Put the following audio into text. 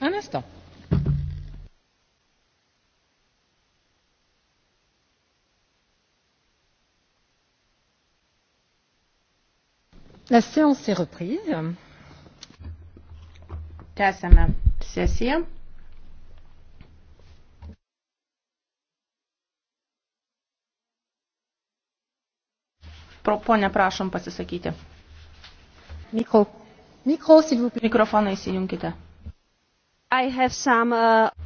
un instant. La séance est reprise. Tęsėme sesiją. Pro, ponė, prašom pasisakyti. Mikro, Mikro Mikrofoną įsijunkite. I have some, uh...